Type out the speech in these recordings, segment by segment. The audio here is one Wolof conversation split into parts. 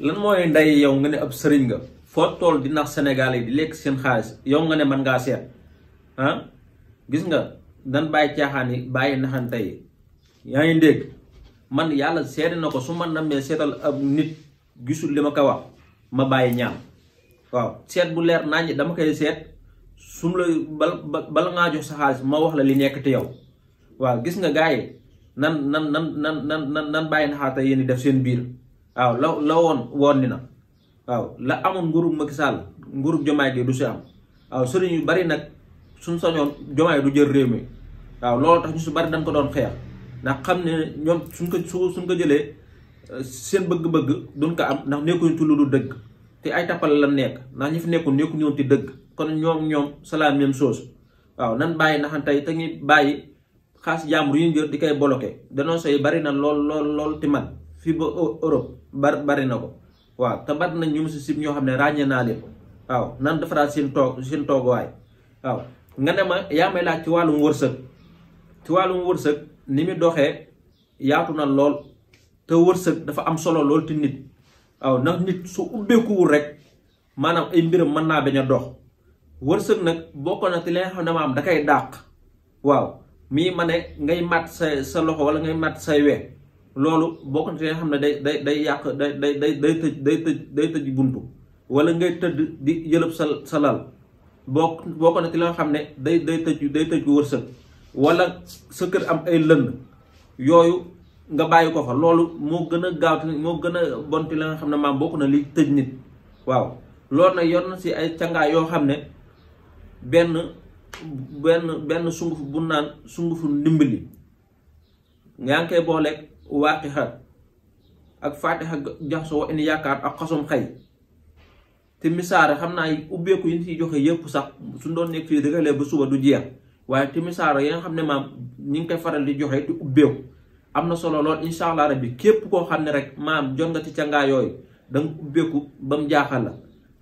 lan mooy ndey yow nga ne ab sëriñ nga foo tool di nax Sénégalais di lekk seen xaalis yow nga ne man ngaa seet ah gis nga dan bàyyi caaxaan yi bàyyi naxante yi yaa ngi dégg man yàlla seede na ko su man na namee seetal ab nit gisul li ma ko wax ma bàyyi ñaam waaw seet bu leer naa ñi dama koy seet su mu la bal bala ngaa jox sa xaalis ma wax la li nekk ti yow waaw gis nga gars yi nan nan nan nan nan nan bàyyi naxaate yéen di def seen biir waaw la la woon woon dina waaw la amoon nguurub Macky Sall nguurub jomaay gi du si am waaw sëriñ yu bari nak suñ sañoon jomaay du jël réew mi waaw loolu tax ñu su bari dañ ko doon xeex ndax xam ne sun suñ ko sun suñ ko jëlee euh, seen bëgg-bëgg duñ ko am nak nekkuñu ci lu du dëgg te ay tappal la nekk ndax ñi fi nekkul nekkuñu woon ci dëgg kon ñoom ñoom c'est même chose waaw nan bàyyi naxan tey te ñuy bàyyi xaas jàmbur yu jël di koy bloqué dénoncé bari nan lool lool lool ti man fii ba Europe bari na ko waaw te bari nañ ñu mu si sib ñoo xam ne ràññee naa leen waaw nan defaraat seen toog seen tooguwaay waaw nga ne ma yaa may laaj ci wàllum wërsëg ci wàllum wërsëg ni mu doxee yaatu na lool te wërsëg dafa am solo lool te nit waaw ndax nit su ubbeekuwul rek maanaam ay mbiram mën naa bañ a dox wërsëg nag bokk na ci li nga xam ne maam da kay dàq waaw mii ma ne ngay mat sa sa loxo wala ngay mat say we loolu boo ko nga xam ne day day day yàq day day day day tëj day tëj day tëj buntu wala ngay tëdd di jëlëb sa sa lal boo boo ko ne la nga xam ne day day tëj day tëj wërsëg wala sa kër am ay lënd yooyu nga bàyyi ko fa loolu moo gën a gaaw moo gën a bon ci la nga xam ne maam bokk na li tëj nit waaw loolu na yor na si ay cangaay yoo xam ne benn benn benn sunguf bu naan sungufu ndimbali yaa ngi koy booleeg waaqixa ak faatixa jaxsoo indi yaakaar ak xasum xay te misaara xam naa ubbeeku yi ñu ciy joxe yëpp sax suñ doon nekk fii dëggalee ba suba du jeex waaye te misaara yi nga xam ne maam ñi ngi koy faral di joxe te ubbeeku am na solo lool incha allah bi képp koo xam ne rek maam jot nga ci cangaa yooyu danga ubbeeku ba mu jaaxal la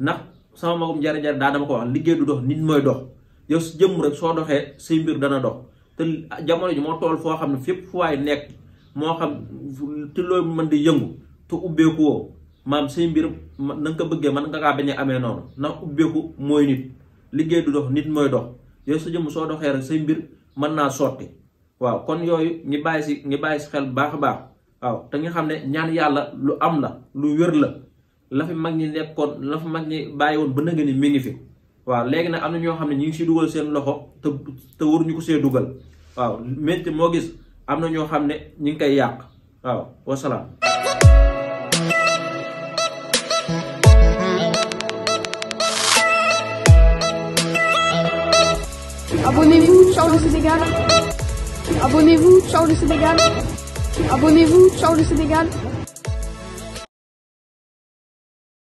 ndax sama magum jare-jare daa dama ko wax liggéey du dox nit mooy dox yow jëmm rek soo doxee say mbir dana dox te jamono ji moo tool nekk moo xam ci loolu man di yëngu te ubbeeku woo maam say mbir na nga ko bëggee man nga kaa bañ amee noonu ndax ubbeeku mooy nit liggéey du dox nit mooy dox yow sa jëmm soo doxee rek say mbir mën naa sotti waaw kon yooyu ngi bàyyi si ngi bàyyi si xel bu baax a baax waaw te nga xam ne ñaan yàlla lu am la lu wér la la fi mag ñi nekkoon la fi mag ñi bàyyi woon ba nga ni mi ngi fi waaw léegi nag am na ñoo xam ne ñu ngi siy dugal seen loxo te te ñu ko see dugal am na ñoo xam ne ñu ngi koy yàq waaw wasalaam Abonnez-vous, Sénégal. Abonnez-vous, ciao Sénégal.